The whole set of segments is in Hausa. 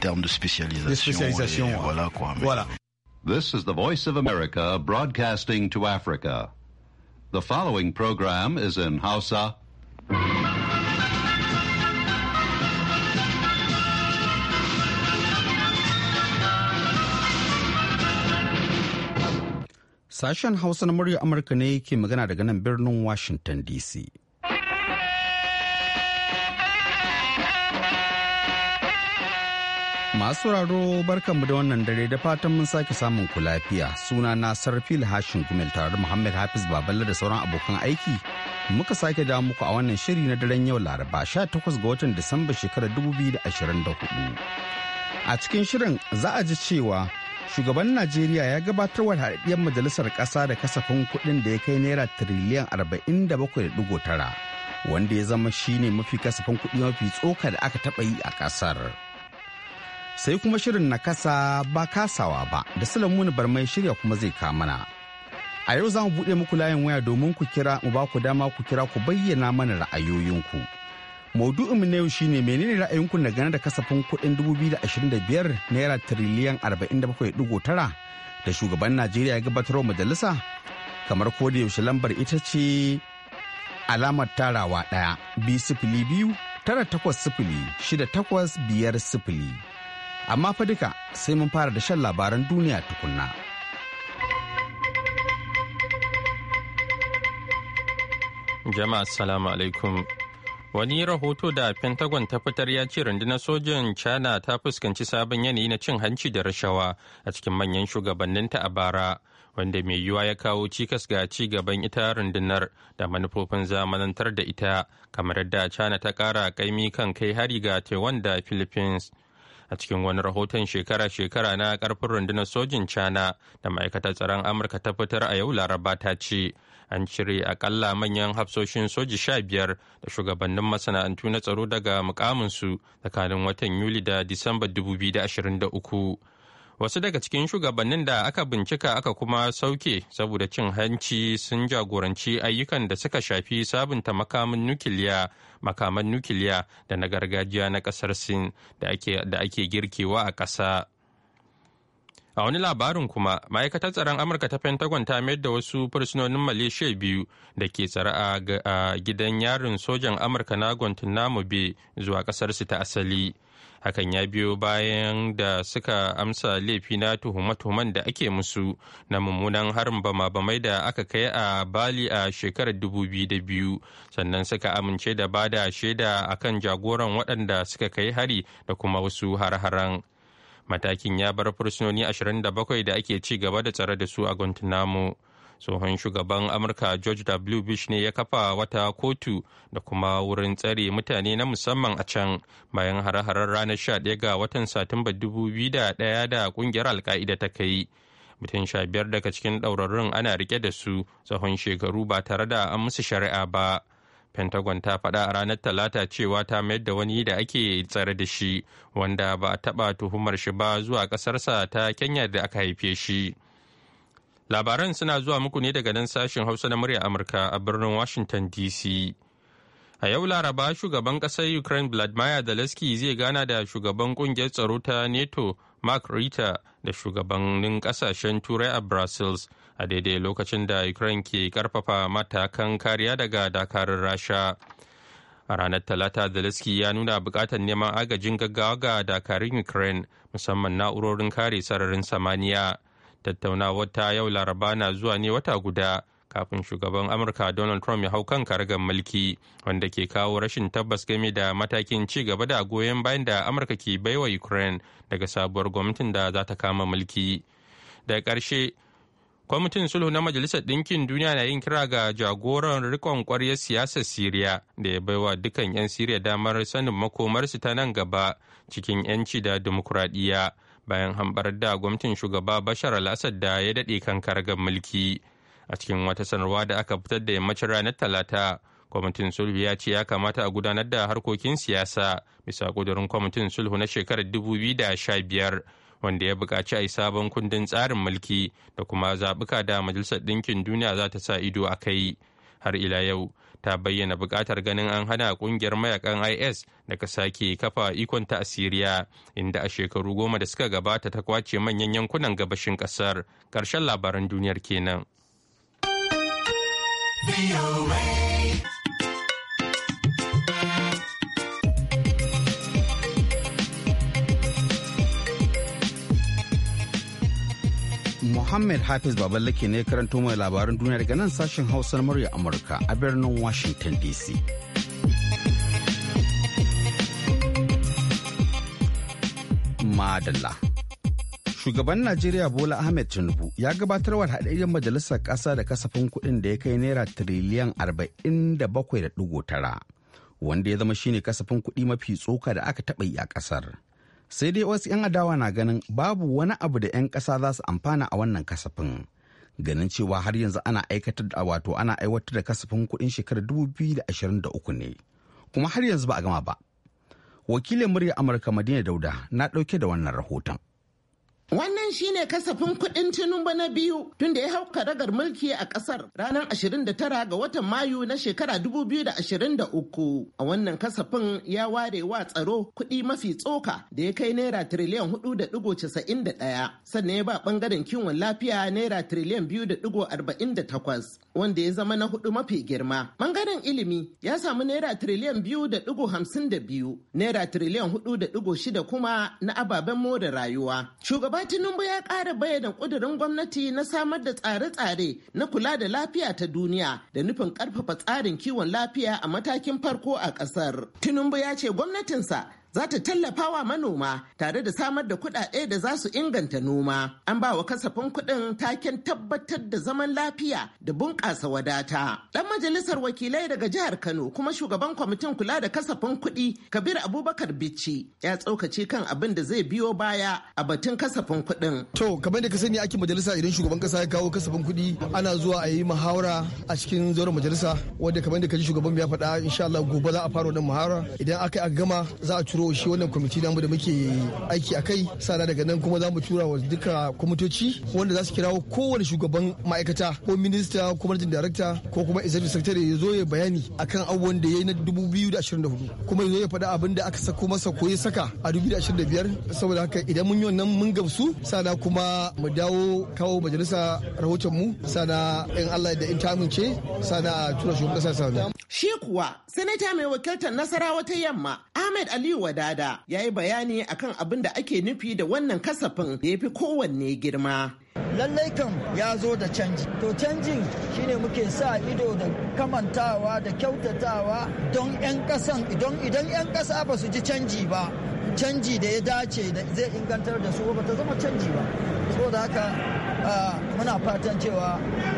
termes de spécialisation. De spécialisation et, ouais. Voilà quoi. Mais... Voilà. This is the Voice of America broadcasting to Africa. The following program is in Hausa. Sashen Hausa na murya Amurka ne ke magana daga nan birnin Washington DC. Masu sauraro barkanmu da wannan dare da fatan mun sake samun ku lafiya. Suna na Sarfil Hashin Gumel tare da Muhammad Hafiz Baballe da sauran abokan aiki. Muka sake da muku a wannan shiri na daren yau Laraba 18 ga watan Disamba shekarar 2024. A cikin shirin za a ji cewa shugaban Najeriya ya gabatar wa haɗaɗɗiyar majalisar ƙasa da kasafin kuɗin da ya kai naira tiriliyan 47.9 wanda ya zama shine mafi kasafin kuɗi mafi tsoka da aka taɓa yi a ƙasar. sai kuma shirin na kasa ba kasawa ba da bar Barmai shirya kuma zai kamana A yau za mu buɗe muku layin waya domin ku kira mu ba ku dama ku kira ku bayyana mana ra'ayoyinku. Maudu'inmu na yau shine menene ra'ayinku na gane da kasafin kuɗin 2025 naira tiriliyan 47.9 da shugaban Najeriya ya gabatar wa majalisa kamar ko da yaushe lambar ita ce alamar tarawa ɗaya biyu sifili biyu tara takwas sifili shida takwas biyar sifili. Amma fa duka sai mun fara da shan labaran duniya tukunna. Jama'a salamu alaikum. Wani rahoto da Pentagon ta fitar ya ce rundunar sojin China ta fuskanci sabon yanayi na cin hanci da rashawa a cikin manyan shugabanninta a bara, wanda mai yiwuwa ya kawo cikas ga ci gaban ita rundunar da manufofin zamanantar da ita, kamar yadda China ta ƙara kaimi kan kai hari ga Taiwan da Philippines. a cikin wani rahoton shekara-shekara na karfin rundunar sojin china da ma'aikatar tsaron amurka ta fitar a yau laraba ta ce an cire akalla manyan hafsoshin soji sha biyar da shugabannin masana'antu na tsaro daga mukaminsu tsakanin watan yuli da disamba 2023 wasu daga cikin shugabannin da aka bincika aka kuma sauke saboda cin hanci sun jagoranci ayyukan da suka shafi sabunta makamin nukiliya makaman nukiliya da na gargajiya na kasar sin da ake girkewa a ƙasa. A wani labarin kuma, ma'aikatar tsaron Amurka ta Pentagon ta mayar da wasu fursunonin Malaysia biyu da ke tsare a gidan yarin sojan Amurka na Guantanamo Bay zuwa ƙasarsu ta asali. hakan ya biyo bayan da suka amsa laifi na tuhume-tuhumen da ake musu na mummunan harin bama-bamai da aka kai a bali a shekarar 2002 sannan suka amince da bada shaida a kan jagoran waɗanda suka kai hari da kuma wasu har-haren matakin ya bar fursunoni 27 da ake ci gaba da tsare da su a guantanamo. tsohon shugaban amurka george w bush ne ya kafa wata kotu da kuma wurin tsare mutane na musamman a can bayan hare-haren ranar 11 ga watan satumba 2001 da kungiyar alka'ida ta kai mutum sha biyar daga cikin ɗaurarrun ana rike da su tsawon shekaru ba tare da an musu shari'a ba pentagon ta faɗa a ranar talata cewa ta mayar da wani da ake tsare da shi wanda ba a taɓa tuhumar shi ba zuwa ƙasarsa ta kenya da aka haife shi. Labaran suna zuwa muku ne daga nan sashen Hausa na murya Amurka a birnin Washington DC. A yau Laraba shugaban ƙasar Ukraine Vladimir Zelensky zai gana da shugaban ƙungiyar tsaro ta NATO Mark Rita da shugabannin ƙasashen Turai a Brussels a daidai lokacin da Ukraine ke karfafa matakan kariya daga dakarun Rasha. A ranar Talata Zelensky ya nuna buƙatar neman agajin gaggawa ga dakarun Ukraine musamman na'urorin kare sararin samaniya. tattaunawar ta yau laraba na zuwa ne wata guda kafin shugaban amurka donald trump ya hau kan karagar mulki wanda ke kawo rashin tabbas game da matakin ci gaba da goyon bayan da amurka ke baiwa ukraine daga sabuwar gwamnatin da za ta kama mulki da ƙarshe kwamitin sulhu na majalisar ɗinkin duniya na yin kira ga jagoran rikon kwaryar siyasar siriya da ya baiwa dukkan 'yan siriya damar sanin makomarsu ta nan gaba cikin 'yanci da dimokuraɗiyya bayan hambar da gwamnatin shugaba bashar al-assad da ya daɗe kan karagar mulki a cikin wata sanarwa da aka fitar da yammacin ranar talata kwamitin sulhu ya ce ya kamata a gudanar da harkokin siyasa bisa kudurin kwamitin sulhu na shekarar 2015 wanda ya buƙaci a yi sabon kundin tsarin mulki da kuma zaɓuka da majalisar ɗinkin duniya za ta sa ido a kai har ila yau ta bayyana buƙatar ganin an hana ƙungiyar mayakan is da daga sake kafa ikonta a siriya inda a shekaru goma da suka gabata ta kwace manyan yankunan gabashin ƙasar ƙarshen labaran duniyar kenan. Muhammad Hafiz Baballake ne karanto mai labaran duniya daga nan sashen Hausa na murya Amurka a birnin Washington DC. Madalla. Shugaban Najeriya Bola Ahmed Tinubu ya gabatar wa haɗaɗɗen majalisar ƙasa da kasafin kuɗin da ya kai naira tiriliyan tara. wanda ya zama shine kasafin kuɗi mafi tsoka da aka taɓa yi a ƙasar. sai dai wasu 'yan adawa na ganin babu wani abu da 'yan ƙasa za su amfana a wannan kasafin ganin cewa har yanzu ana aikatar da wato ana aiwatar da kasafin kuɗin shekarar 2023 ne kuma har yanzu ba a gama ba wakilin murya amurka madina dauda na ɗauke da wannan rahoton Wannan shine kasafin kuɗin Tinubu na biyu tun da ya hau karagar mulki a ƙasar ranar 29 ga watan Mayu na shekara 2023. A wannan kasafin ya ware wa tsaro kuɗi mafi tsoka da ya kai naira tiriliyan 4.91 sannan ya ba ɓangaren kiwon lafiya naira tiriliyan 2.48 wanda ya zama na hudu mafi girma. Ɓangaren ilimi ya samu naira tiriliyan 2.52 naira tiriliyan 4.6 kuma na ababen more rayuwa. shugaban Amma ya ƙara bayyana ƙudurin gwamnati na samar da tsare-tsare na kula da lafiya ta duniya da nufin ƙarfafa tsarin kiwon lafiya a matakin farko a ƙasar. Tinubu ya ce gwamnatinsa za ta tallafa wa manoma tare da samar da kuɗaɗe da za su inganta noma. An ba wa kasafin kuɗin taken tabbatar da zaman lafiya da bunƙasa wadata. Dan majalisar wakilai daga jihar Kano kuma shugaban kwamitin kula da kasafin kuɗi Kabir Abubakar Bichi ya tsokaci kan abin da zai biyo baya a batun kasafin kuɗin. To kamar da ka sani ake majalisa idan shugaban kasa ya kawo kasafin kuɗi ana zuwa a yi muhawara a cikin zauren majalisa wanda kamar da ka ji shugaban ya faɗa insha Allah gobe za a fara wannan muhawara idan aka gama za a turo shi wannan kwamiti namu da muke aiki a kai sana daga nan kuma za mu tura wa duka kwamitoci wanda za su kirawo kowane shugaban ma'aikata ko minista ko manajin darakta ko kuma executive secretary ya zo ya bayani akan abubuwan da ya yi na 2024 kuma ya zo ya faɗa abin da aka sako masa ko ya saka a 2025 saboda haka idan mun yi wannan mun gamsu sana kuma mu dawo kawo majalisa rahoton mu sana in Allah da in ta amince sana tura shugaban kasa sana. Shi kuwa sanata mai wakiltar nasarawa ta yamma Ahmed Aliyu wadada ya yi bayani akan abin da ake nufi da wannan kasafin da ya fi kowanne girma lallai kam ya zo da canji to canjin shine muke sa ido da kamantawa da kyautatawa don 'yan kasan idan idan 'yan ƙasa ba su ji canji ba canji da ya dace da zai ingantar da su ba ta zama canji ba saboda haka muna fatan cewa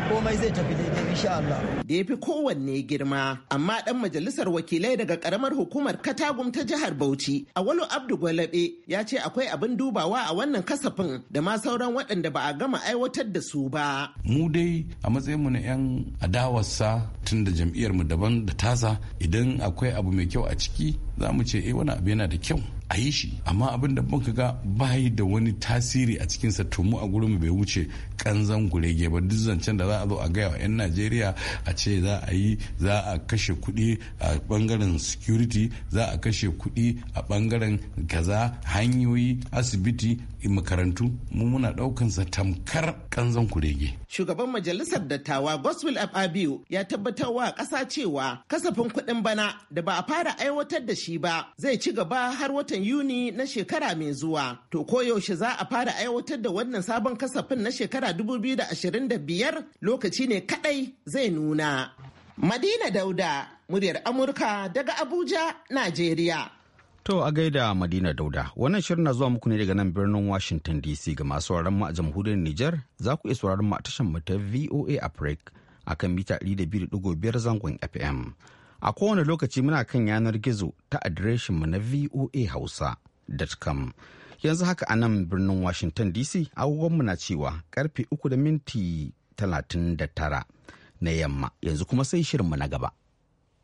komai zai tafi daidai insha Allah. Da ya fi kowanne girma, amma ɗan majalisar wakilai daga ƙaramar hukumar Katagum ta jihar Bauchi, Awalu Abdu Gwalabe ya ce akwai abin dubawa a wannan kasafin da ma sauran waɗanda ba a gama aiwatar da su ba. Mu dai a matsayinmu na 'yan adawarsa tun da jam'iyyarmu daban da tasa idan akwai abu mai kyau a ciki za mu ce eh wani abu yana da kyau a yi shi amma abin da muka ga bayi da wani tasiri a cikinsa to mu a gurin bai wuce kanzan gurege ba duk zancen da za a zo a gaya wa 'yan najeriya a ce za a yi za a kashe kuɗi a bangaren security za a kashe kuɗi a bangaren kaza hanyoyi asibiti makarantu mu muna ɗaukansa tamkar kanzan kurege shugaban majalisar dattawa Goswill abiu ya tabbatar wa ƙasa cewa kasafin kuɗin bana da ba a fara aiwatar da shi ba zai ci gaba har watan Yuni na shekara mai zuwa. To koyaushe za a fara aiwatar da wannan sabon kasafin na shekara 2025 lokaci ne kaɗai zai nuna. Madina Dauda, muryar Amurka daga Abuja, Najeriya. To a gaida Madina Dauda, wannan shirin na zuwa muku ne daga nan birnin Washington DC ga masu sauraron mu a jamhuriyar Nijar za ku iya sauraron mu a tashar mu ta VOA Africa kan mita 200.5 zangon FM. A kowane lokaci muna kan yanar gizo ta adireshin mu na voa voahausa.com. Yanzu haka a nan birnin Washington DC agogon mu na cewa karfe uku da minti tara na yamma yanzu kuma sai shirin mu na gaba.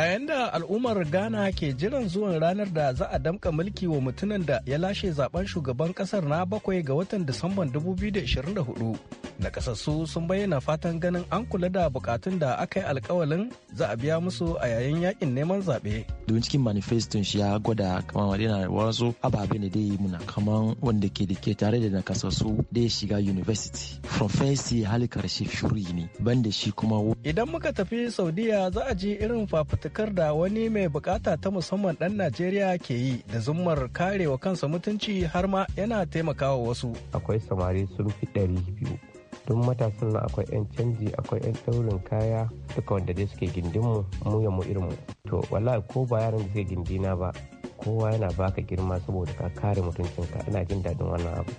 A yayin da al'ummar Ghana ke jiran zuwan ranar da za a damka mulki wa mutumin da ya lashe zaben shugaban kasar na bakwai ga watan Disamban 2024 nakasassu sun bayyana fatan ganin an kula da bukatun da aka yi alkawalin za a biya musu a yayin yakin neman zaɓe. domin cikin manifestin shi ya gwada kamar yana wasu ababe ne dai muna kamar wanda ke da ke tare da nakasassu da ya shiga university from first hali karshe shuri ne ban da shi kuma idan muka tafi saudiya za a ji irin fafutukar da wani mai bukata ta musamman ɗan najeriya ke yi da zummar karewa kansa mutunci har ma yana taimakawa wasu akwai samari sun fi ɗari biyu tun matasan nan akwai 'yan canji akwai 'yan daurin kaya duka wanda dai suke gindinmu mu ya mu irinmu to wallahi ko ba yaran da suke gindina ba kowa yana baka girma saboda ka kare mutuncinka ina jin daɗin wannan abu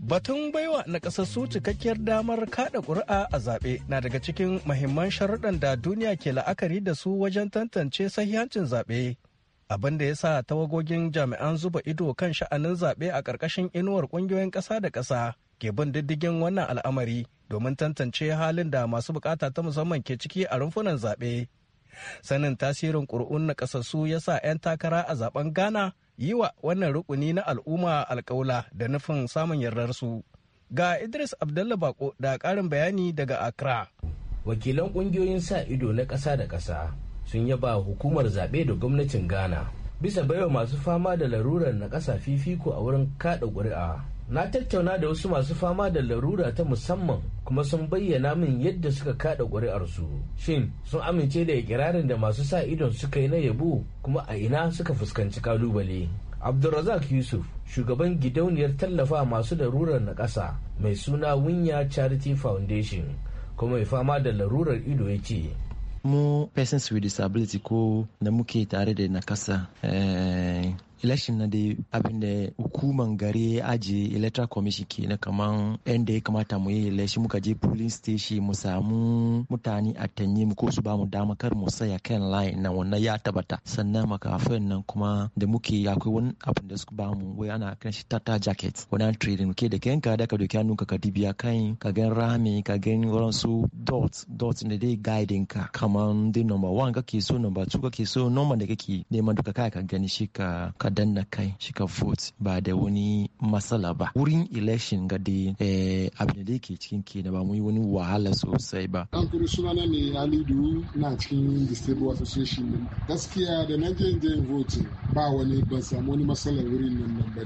batun baiwa na kasassu cikakkiyar damar kada ƙuri'a a zaɓe na daga cikin mahimman sharuɗan da duniya ke la'akari da su wajen tantance sahihancin zaɓe abin da ya sa tawagogin jami'an zuba ido kan sha'anin zaɓe a ƙarƙashin inuwar ƙungiyoyin ƙasa da ƙasa ke bin diddigin wannan al'amari domin tantance halin da masu bukata ta musamman ke ciki a rumfunan zaɓe. Sanin tasirin ƙuri'un na ƙasassu ya sa 'yan takara a zaben Ghana yi wa wannan rukuni na al'umma alkaula da nufin samun yardarsu. Ga Idris Abdullah Bako da ƙarin bayani daga Accra. Wakilan ƙungiyoyin sa ido na ƙasa da ƙasa sun yaba hukumar zaɓe da gwamnatin ghana bisa baiwa masu fama da larurar na ƙasa fifiko a wurin kaɗa ƙuri'a na tattauna da wasu masu fama da larura ta musamman kuma sun bayyana min yadda suka kaɗa ƙuri'arsu shin sun amince da ikirarin da masu sa idon suka yi na yabo kuma a ina suka fuskanci kalubale abdulrazak yusuf shugaban gidauniyar tallafa masu larurar na ƙasa mai suna winya charity foundation kuma mai fama da larurar ido ya ce mu persons with disability ko da muke tare da nakasa eh, election na dai abin da hukuman gari ya aje electoral commission ke na kaman yadda ya kamata mu yi election muka je polling station mu samu mutane a tanye mu ko su ba mu dama kar mu saya kan line na wannan ya tabbata sannan makafin nan kuma da muke akwai wani abin da suka ba mu wai ana kan shi tata jacket wannan trading muke da ka da ka doki hannu ka dibiya kan ka gan rami ka gan wurin su dot dot ne dai guiding ka kaman dai number one kake so number two kake so number da kake neman duka kai ka gani shi ka ka danna kai shi ka vote ba da wani matsala ba wurin election ga da eh, abin da yake cikin kenan ba mu yi wani wahala sosai ba an kuri sunana ne alidu na cikin disabled association din gaskiya da na je je voting ba wani ban samu wani matsalar wurin nan nan ba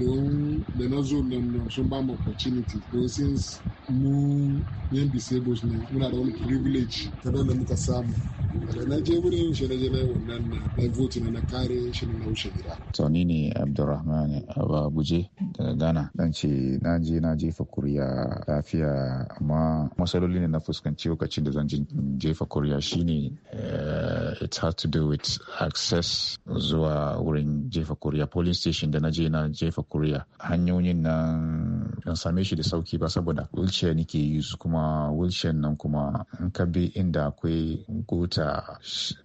don da na zo nan nan sun ba mu opportunity don since mu yan disabled ne muna da wani privilege ta da muka samu da na je wurin shi na je na wannan na vote na na kare shi na wuce gida to ni ne abdurrahman ababuje daga ghana dan ce na je na jefa kuriya lafiya amma matsaloli ne na fuskanci lokacin da zan jefa kuriya shine eh, it has to do with access zuwa wurin jefa kuriya polling station da na je na jefa kuriya hanyoyin nan ban same shi da sauki ba saboda wheelchair nake use kuma wheelchair nan kuma in ka bi inda akwai gota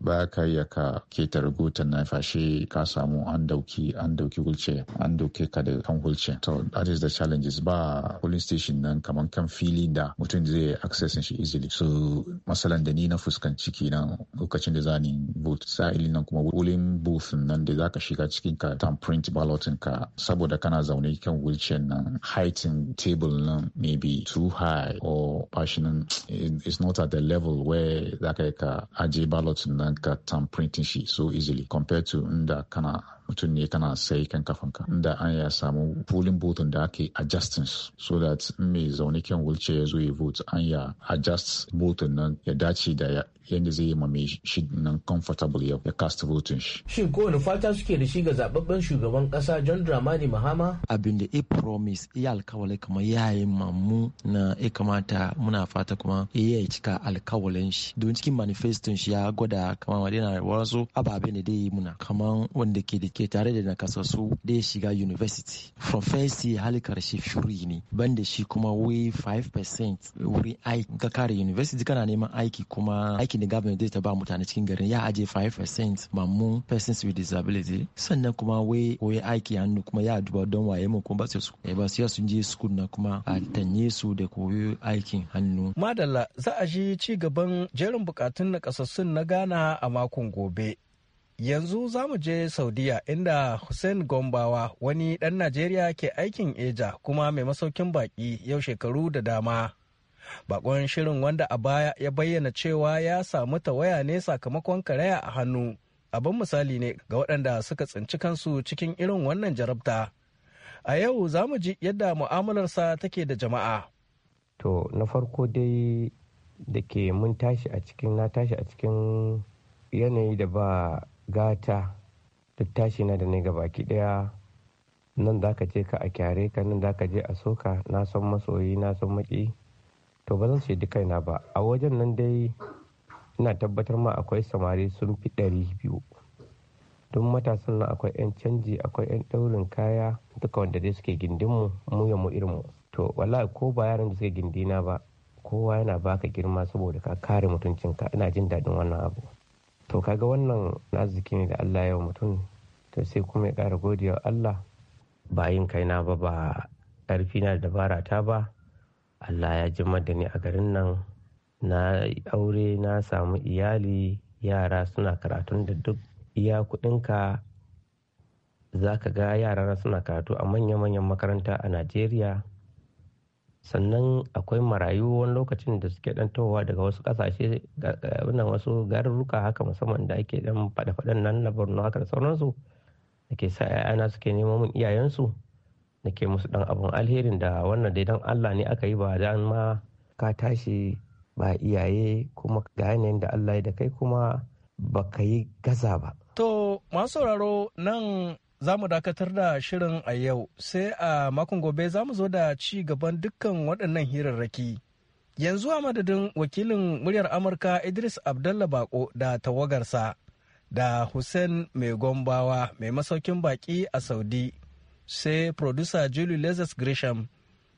ba ka iya ka ketare gota na fashe ka samu an dauki an dauki wheelchair an dauke ka da kan wheelchair so that is the challenges ba police station nan kaman kan fili da mutum zai access shi easily so masalan da ni na fuskanci kenan lokacin da zani vote sa'ilin nan kuma polling booth nan da zaka shiga cikin ka tamprint ballotin ka saboda kana zaune kan wheelchair nan height dressing table now may be too high or passion is not at the level where that ka aje ballot nan ka tamprinting she so easily compared to nda kana mutum ne kana sai kan kafanka inda an ya samu polling booth da ake adjusting so that mai zaune kan wulce ya zo ya vote an ya adjust booth nan ya dace da yadda zai yi mai shi nan comfortable ya cast voting shi. Shin kowane fata suke da shi ga zababben shugaban kasa John Dramani Mahama? Abin da e promise ya kama kamar ya yi mamu na ya kamata muna fata kuma ya yi cika alkawalin shi. Don cikin manifestin shi ya gwada kamar wadina wasu ababen da dai muna kamar wanda ke da ke tare da nakasassu da ya shiga university from first year hali karshe shuri ne ban da shi kuma wai 5% wurin aiki ka kare university kana neman aiki kuma aikin da government zai ta ba mutane cikin garin ya aje 5% mamun persons with disability sannan kuma wai koyi aiki hannu kuma ya duba don waye mu kuma ba su eh, ba sun je school na kuma a tanye su da koyi aikin hannu madalla za a ji ci gaban jerin bukatun na kasassun na Ghana a makon gobe Yanzu za mu je Saudiya inda Hussein Gombawa wani ɗan Najeriya ke aikin eja kuma mai masaukin baƙi yau shekaru da dama. Bakon shirin wanda a baya ya bayyana cewa ya samu tawaya ne sakamakon karaya a hannu. Abin misali ne ga waɗanda suka tsinci kansu cikin irin wannan jarabta. A yau za mu ji yadda mu'amalarsa take da jama'a. To, na farko dai da ke mun tashi a cikin na tashi a cikin yanayi da ba gata duk tashi na da ne ga baki daya nan za ka je ka a kyare ka nan za ka je a soka na son masoyi na son maki to ba zan duk kaina ba a wajen nan dai ina tabbatar ma akwai samari sun fi ɗari biyu don matasan nan akwai 'yan canji akwai 'yan ɗaurin kaya duka wanda dai suke gindinmu mu ya mu irin mu to wallahi ko ba yaran da suke gindina ba kowa yana baka girma saboda ka kare mutuncinka ina jin daɗin wannan abu to kaga wannan arziki ne da allah yau mutum to sai kuma ya ƙara godiya allah bayin yin kaina ba ba ƙarfi na dabara ta ba allah ya ji da ni a garin nan na aure na samu iyali yara suna karatun da duk iya kuɗinka za ka ga yara suna karatu a manya-manyan makaranta a najeriya sannan akwai marayu wani lokacin da suke dan towa daga wasu kasashe wannan wasu garuruka haka musamman da ake dan faɗa fadan nan na borno haka da sauransu da ke sa 'ya'yana suke neman mun iyayensu da ke musu dan abun alherin da wannan dai dan allah ne aka yi ba dan ma ka tashi ba iyaye kuma ga yanayin da allah ya da kai kuma ba ka yi gaza ba To, masu sauraro nan za mu dakatar da shirin a yau sai a makon gobe za mu zo da ci gaban dukkan waɗannan hirarraki yanzu a madadin wakilin muryar amurka idris abdallah bako da tawagarsa da hussein mai gombawa mai masaukin baki a saudi sai producer julie lezes grisham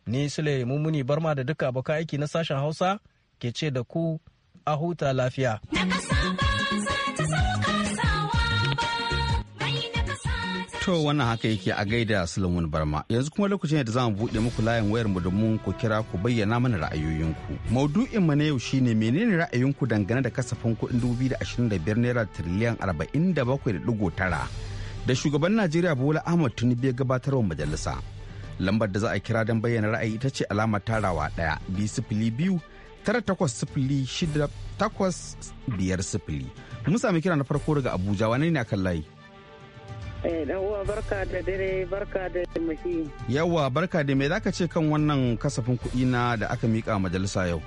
ni sule mummuni barma da duka abokan aiki na sashen hausa ke ce da ku a huta lafiya. To wannan haka yake a gaida Sulaiman Barma. Yanzu kuma lokacin da za mu buɗe muku layin wayar mu domin ku kira ku bayyana mana ra'ayoyinku. Maudu'in mu na yau shine menene ra'ayinku dangane da kasafin kuɗin 2025 naira triliyan 47.9 da shugaban Najeriya Bola Ahmad Tinubu ya gabatarwa majalisa. Lambar da za a kira don bayyana ra'ayi ita ce alamar tarawa ɗaya b sifili biyu tara takwas Mun sami kira na farko daga Abuja wane ne akan layi? Eh, uwa barka da dare barka da taimaki. Yawwa barka da me zaka ce kan wannan kasafin kuɗi na da aka miƙa majalisa yau?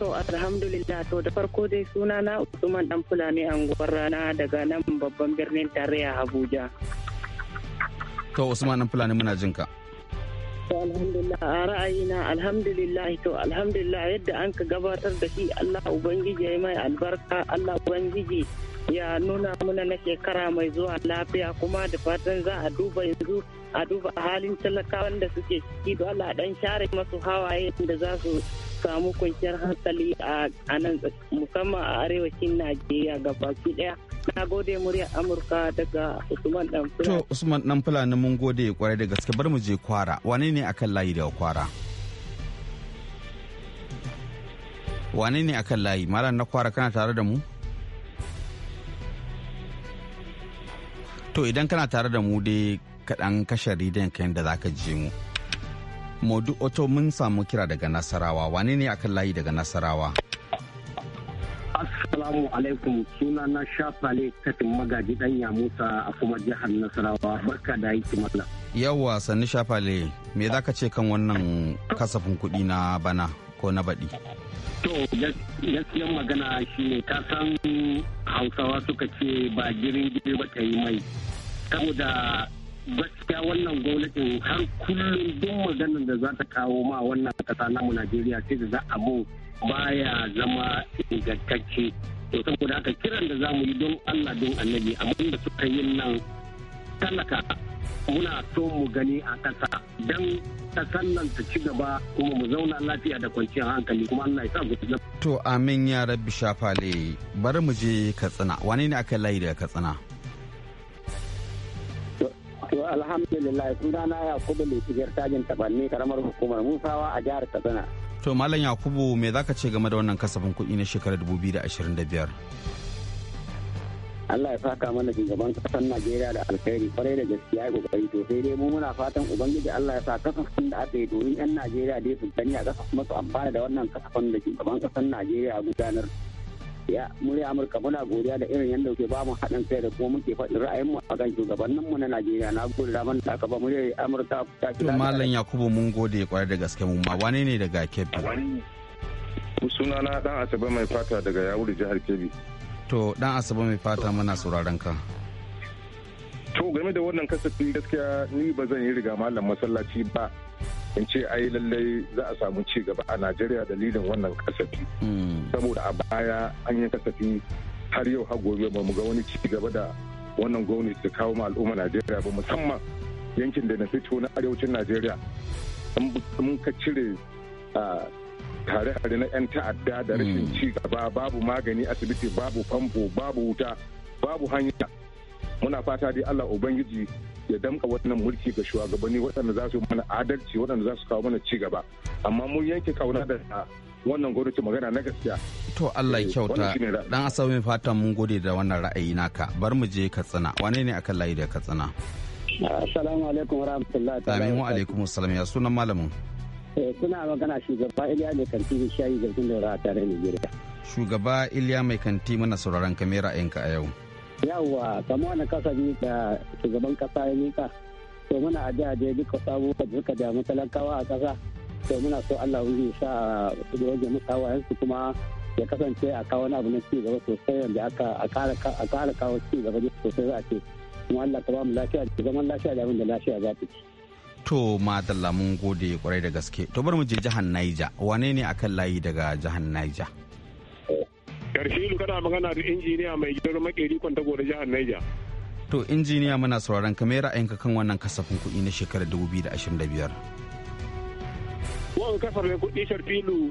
To alhamdulillah to da farko dai suna na Usman dan Fulani anguwar rana daga nan babban birnin tarayya Abuja. To Usman dan Fulani muna jin ka. To alhamdulillah a ra'ayina alhamdulillah to alhamdulillah yadda an ka gabatar da shi Allah ubangiji ya yi mai albarka Allah ubangiji ya nuna muna na shekara mai zuwa lafiya kuma da fatan za a duba yanzu a duba halin talakawan da suke ciki da Allah dan share masu hawaye da za su samu kwanciyar hankali a nan musamman a arewacin Najeriya baki daya. Na gode muryar Amurka daga Usman Danfula. To Usman dan fulani mun gode kwarai da gaske bar mu je kwara. Wane ne akan layi da kwara? Wane ne akan layi? Malam na kwara kana tare da mu? To idan kana tare da mu dai kaɗan kashe rediyon kayan da ka je mu. Modu Oto mun samu kira daga Nasarawa wane ne akan layi daga Nasarawa? Assalamu alaikum suna na shafale katin magaji dan ya Musa a kuma jihar Nasarawa barka da yake mana. Yawwa sannu shafale me za ka ce kan wannan kasafin kuɗi na bana? ko na baɗi? To gaskiyar magana shi ne ta san hausawa suka ce ba girin giri ba ta yi mai. Saboda gaskiya wannan gwamnatin har kullum duk maganar da za ta kawo ma wannan kasa namu Najeriya sai da za a mu baya zama ingantacce. To saboda haka kiran da za mu yi don Allah don annabi abin da suka yi nan tallaka muna so mu gani a ƙasa don ƙasar nan ta ci gaba kuma mu zauna lafiya da kwanciyar hankali kuma Allah ya sa ku To amin ya rabbi shafale bari mu je Katsina wane ne aka layi daga Katsina? To alhamdulillah sunana Yakubu mai shigar tajin tabanni karamar hukumar Musawa a jihar Katsina. To Malam Yakubu me zaka ce game da wannan kasafin kuɗi na shekarar 2025? Allah ya faka mana shugaban kasar Najeriya da alkhairi kwarai da gaskiya kokari to sai dai mu muna fatan ubangiji Allah ya sa kasafin da aka yi domin yan Najeriya dai su gani a kasa kuma su amfana da wannan kasafin da shugaban kasar Najeriya gudanar ya muri Amurka muna godiya da irin yadda ke bamu haɗin kai da kuma muke faɗin ra'ayin mu akan shugabannin mu na Najeriya na gode da man taka ba muri Amurka ta kira Mallam Yakubu mun gode kwarai da gaske mu ma wane ne daga Kebbi sunana dan Asabe mai fata daga Yawuri jihar Kebbi to dan asaba mai fata mana sauraron ka to game da wannan kasafi gaskiya ni ba zan yi riga malam masallaci ba in ce ai lallai za a samu ci gaba a najeriya dalilin wannan kasafi hmm. saboda a baya an yi kasafi har yau har gobe ba mu ga wani ci gaba da wannan gwamnati ta kawo ma al'umma najeriya ba musamman yankin da na fito na arewacin najeriya Mun ka cire ah, hare-hare na 'yan ta'adda da rashin hmm. ci gaba babu magani asibiti babu famfo babu wuta babu hanya muna fata dai Allah ubangiji ya damka wannan mulki ga shugabanni waɗanda za su mana adalci waɗanda za su kawo mana ci gaba amma mun yanke kauna da wannan gwamnati magana na gaskiya to Allah ya eh, kyauta dan asabi fatan mun gode da wannan ra'ayi naka bar mu je Katsina wane ne akan layi da Katsina assalamu alaikum warahmatullahi ta'ala wa alaikum assalam ya sunan malamin Eh, kuna magana shugaba iliya mai kanti mai shayi zargin daura da tare nigeria shugaba iliya mai kanti mana sauraron kamera yanka a yau yawwa kamar wani ne da shugaban kasa ya mika to muna a da da duka sabo da duka da matalakawa a kasa to muna so allah wuri sa da wajen mutawa yansu kuma ya kasance a kawo wani abu na ci gaba sosai wanda aka kara kawo ci gaba sosai za a ce kuma allah ta ba mu lafiya da zaman lafiya da abin da lafiya za ta ci To madalla mun gode kwarai da gaske. To bari mu je jihar Niger. Wane ne akan layi daga jihar Niger? Karshe kana magana da injiniya mai gidan makeri kwanta gore jihar Niger. To injiniya muna sauraron ka me ra'ayinka kan wannan kasafin kuɗi na shekarar 2025? Wannan kasafin kuɗi sharfilu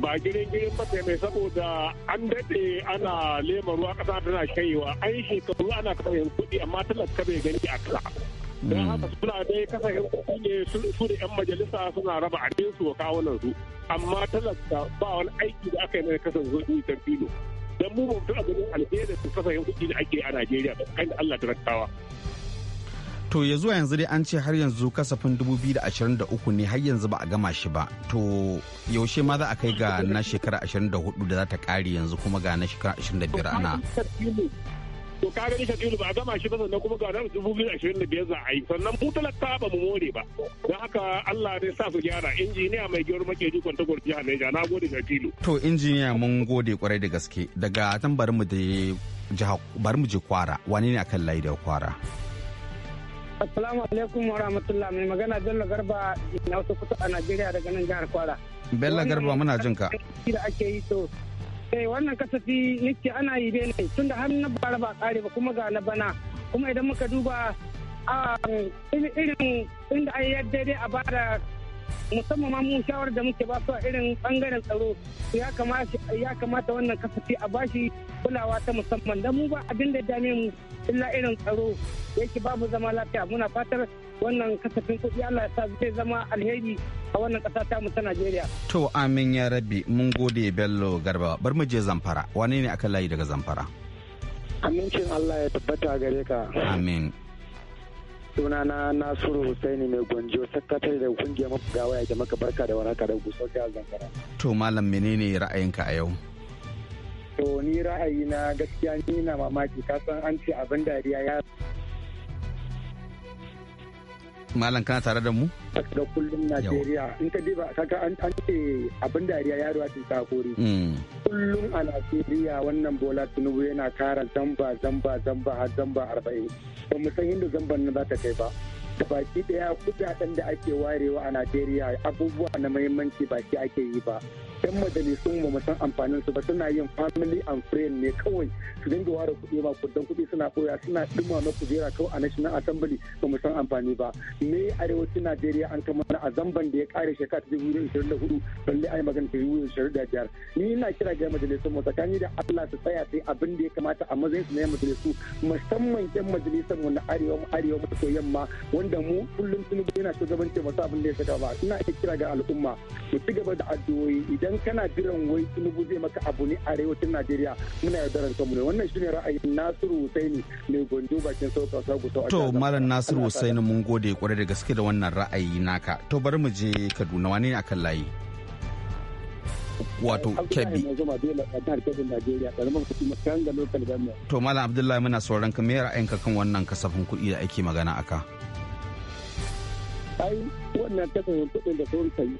ba girin girin ba mai saboda an daɗe ana lemaru ruwa ƙasa tana shaiwa an shekaru ana kasafin kuɗi amma talaka bai gani a kasa. don haka suna dai kasa yan ne su da yan majalisa suna raba abin su wa kawunan su amma talaka ba wani aiki da aka yi mai kasan zuwa ta filo don mu mutu a ganin alherin su kasa yan kuɗi da ake a najeriya kan da allah talakawa. to ya zuwa yanzu dai an ce har yanzu kasafin 2023 ne har yanzu ba a gama shi ba to yaushe ma za a kai ga na shekara 24 da za ta kare yanzu kuma ga na shekara 25 ana to ka gani ka ba a gama shi ba sannan kuma ga nan dubu biyu ashirin da biyar za a yi sannan mu ta ba mu more ba don haka Allah ne sa su gyara injiniya mai gyaru ji kwanta gurbi a Niger na gode ga filo. to injiniya mun gode kwarai da gaske daga tambarin mu da bari mu je kwara wani ne akan layi da kwara. Assalamu alaikum wa rahmatullah mai magana Bello Garba na wasu kusa a Najeriya daga nan jihar Kwara. Bello Garba muna jin ka. Da ake yi to eh wannan kasafi nake ana yi ne ne tunda har na bara ba kare ba kuma ga na bana kuma idan muka duba a ah, irin inda ayi yadda dai a bada. musamman ma mun shawar da muke ba su a irin bangaren tsaro ya kamata wannan kasafi a bashi kulawa ta musamman don mu ba abin da dame mu illa irin tsaro yake babu zama lafiya muna fatar wannan kasafin kuɗi Allah sa zai zama alheri a wannan ƙasa ta mu ta Najeriya. To amin ya rabbi mun gode Bello Garba bar mu je Zamfara wane ne aka layi daga Zamfara? Amincin Allah ya tabbata gare ka. Amin. suna na nasiru husaini mai gwanjo sakatare da kungiyar mafugawa ya maka barka da wani da gusau da zamfara to malam menene ra'ayinka a yau to ni ra'ayi na gaskiya ni na mamaki kasan an ce abin dariya ya malam kana tare da mu da kullum najeriya in ka diba kaga an an ce abin dariya yaro ya tuta kore mm. kullum a najeriya wannan bola tinubu yana kara zamba zamba zamba har zamba arba'in ba mu san inda zamban nan za ta kai ba da baki daya kudaden da ake warewa a najeriya abubuwa na muhimmanci baki ake yi ba yan majalisun mu san amfanin su ba suna yin family and friend ne kawai su dinga ware kuɗi ma kudan kuɗi suna koya suna dima na kujera kawai a national assembly ba mu san amfani ba me arewacin najeriya an kama a zamban da ya kare shekara ta dubu biyu da hudu balle ai magana ta dubu biyu da biyar ni ina kira ga majalisun mu tsakani da allah su tsaya sai abin da ya kamata a matsayin su na yan majalisu musamman yan majalisun mu na arewa mu arewa mu ta yamma wanda mu kullum tunubu yana shugabancin wasu abin da ya saka ba ina kira ga al'umma mu ci gaba da addu'o'i idan idan kana jiran wai tinubu zai maka abu ne arewacin najeriya muna yaudaran kanmu ne wannan shine ra'ayin nasiru husaini mai gondo bakin sauka sagu to malam nasiru husaini mun gode kwarai da gaske da wannan ra'ayi naka to bari mu je kaduna wani ne akan layi wato kebbi to malam abdullahi muna sauran ka me ka kan wannan kasafin kuɗi da ake magana aka ai wannan kasafin kuɗin da sauran sayi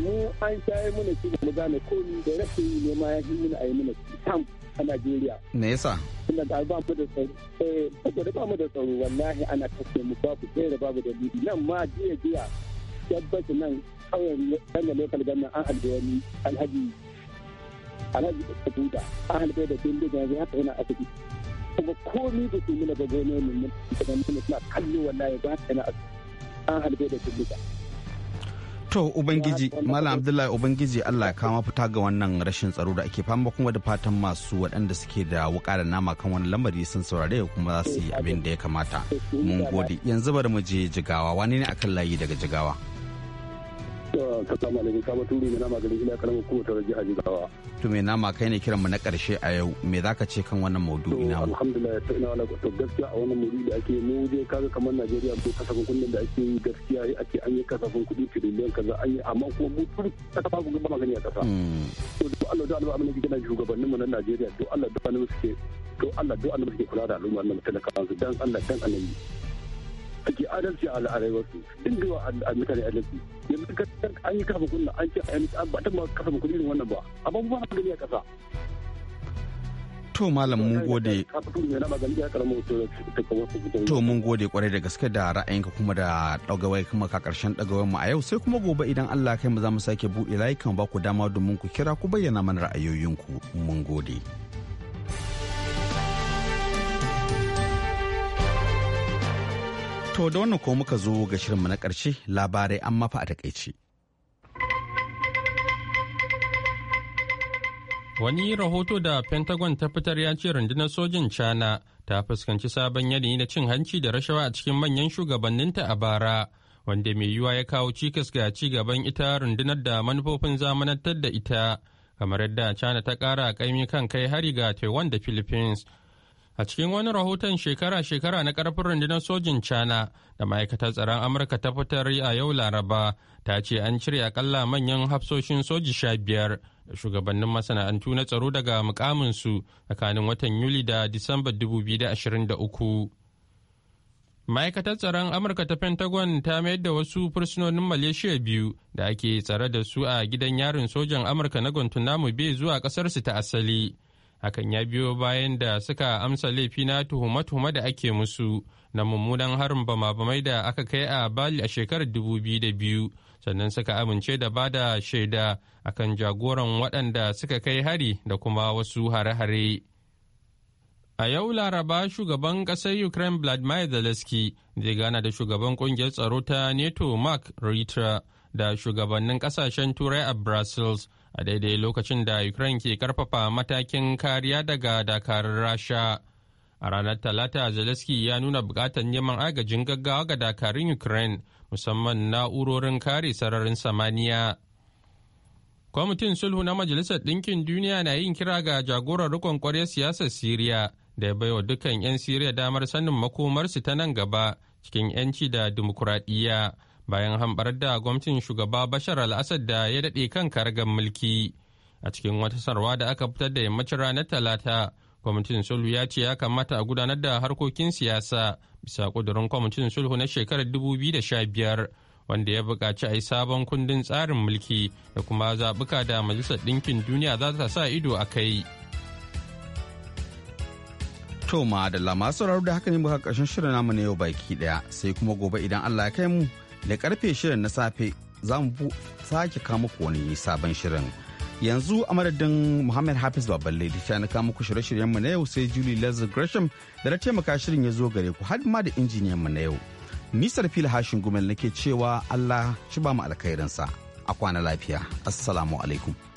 mu an shayar mana shi da mu gane komi da rashin yi nema ya yi mana a yi mana sam a Najeriya. Me yasa? Ina da ba mu da tsaro, eh, da ba mu da tsaro wallahi ana kashe mu ba ku tsere babu da bibi nan ma jiya jiya tabbata nan kawai ɗan da lokal gana an halbe alhaji alhaji da duda an halbe da da ya haka yana asibiti. Kuma komi da su muna ga gononin mun mun da mun muna kallo wallahi ba ta na asibiti an halbe da bindiga. To Ubangiji, Malam Abdullahi Ubangiji Allah ya kama fita ga wannan rashin tsaro da ake fama kuma da fatan masu waɗanda suke da wuƙa da nama kan wani lamari sun saurare kuma za su yi abin da ya kamata. Mun gode. Yanzu bari mu je jigawa. wani ne akan layi daga jigawa? Assalamu alaikum kama turu mai nama garin ila karamar kowace rajin ajigawa. To mai nama kai ne kiran mu na karshe a yau me za ka ce kan wannan maudu'i na mu? Alhamdulillah ta ina wala to gaskiya a wannan maudu'i da ake mu je kaga kamar Najeriya ko kasafin kuɗin da ake yi gaskiya ya ake an yi kasafin kuɗi tiriliyan kaza an yi amma kuma mu turu kasa babu gaba magani a kasa. Hmm. To duk Allah da Allah abin da ke gina shugabannin mu na Najeriya to Allah da Allah suke to Allah da Allah suke kula da al'umma nan talakawa dan Allah dan annabi. ake adalci a al'arewar su in da a mutane adalci yanzu an yi kafa kunna an ce an ba ma kafa kuɗi irin wannan ba amma ba ma gani a kasa To malam mun gode. To mun gode kwarai da gaske da ra'ayinka kuma da ɗagawai kuma ka ƙarshen ɗagawai mu a yau sai kuma gobe idan Allah kai mu za mu sake buɗe layukan ba ku dama domin ku kira ku bayyana mana ra'ayoyinku mun gode. To da wannan ko muka zo ga shirinmu na ƙarshe labarai an mafa a takaice. Wani rahoto da Pentagon ta fitar ya ce rundunar sojin China ta fuskanci sabon yanayi na cin hanci da rashawa a cikin manyan shugabanninta a bara, wanda mai yiwuwa ya kawo cikas ga ci gaban ita rundunar da manufofin zamanantar da ita, kamar yadda China ta ƙara kaimi kan kai hari ga Taiwan da Philippines. A cikin wani rahoton shekara-shekara na karfin rundunar sojin China da ma'aikatar tsaron Amurka ta fitar a yau Laraba ta ce an cire akalla manyan hafsoshin soji sha biyar da shugabannin masana'antu na tsaro daga mukaminsu tsakanin watan Yuli da Disamba 2023. Ma'aikatar tsaron Amurka ta Pentagon ta mayar da wasu fursunonin Malaysia biyu da ake tsare da su a gidan yarin sojan Amurka na Guantanamo bai zuwa ƙasarsu ta asali. hakan ya biyo bayan da suka amsa laifi na tuhume-tuhume da ake musu na mummunan harin bama-bamai da aka kai a bali a shekarar 2002 sannan suka amince da ba da shaida kan jagoran waɗanda suka kai hari da kuma wasu hare-hare. A yau Laraba shugaban ƙasar Ukraine Vladimir Zelensky zai gana da shugaban ƙungiyar tsaro ta NATO Mark Ritter da shugabannin ƙasashen Turai a Brussels a daidai lokacin da ukraine ke karfafa matakin kariya daga dakarun rasha a ranar talata zelensky ya nuna bukatar neman agajin gaggawa ga dakarun ukraine musamman na'urorin kare sararin samaniya kwamitin sulhu na majalisar ɗinkin duniya na yin kira ga jagorar rikon kwarya siyasar siriya da ya baiwa dukkan 'yan siriya damar sanin makomarsu ta nan gaba cikin 'yanci da dimokuraɗiyya bayan hambar da gwamnatin shugaba bashar al-assad da ya daɗe kan karagar mulki a cikin wata sarwa da aka fitar da yammacin ranar talata kwamitin sulhu ya ce ya kamata a gudanar da harkokin siyasa bisa ƙudurin kwamitin sulhu na shekarar 2015 wanda ya buƙaci a yi sabon kundin tsarin mulki da kuma zabuka da majalisar ɗinkin duniya za ta sa ido a kai. To da lama sauraro da haka ne muka ƙarshen shirin namu na yau baki ɗaya sai kuma gobe idan Allah ya kai mu da karfe shirin na safe za mu sake kama wani sabon shirin yanzu a madadin muhammad hafiz baballe da ta kama ku shirye-shiryen mu na yau sai julie lazar gresham da na taimaka shirin ya zo gare ku har ma da injiniyan mu na yau nisar fil hashin gumel nake cewa allah shi ba mu alkhairinsa a kwana lafiya assalamu alaikum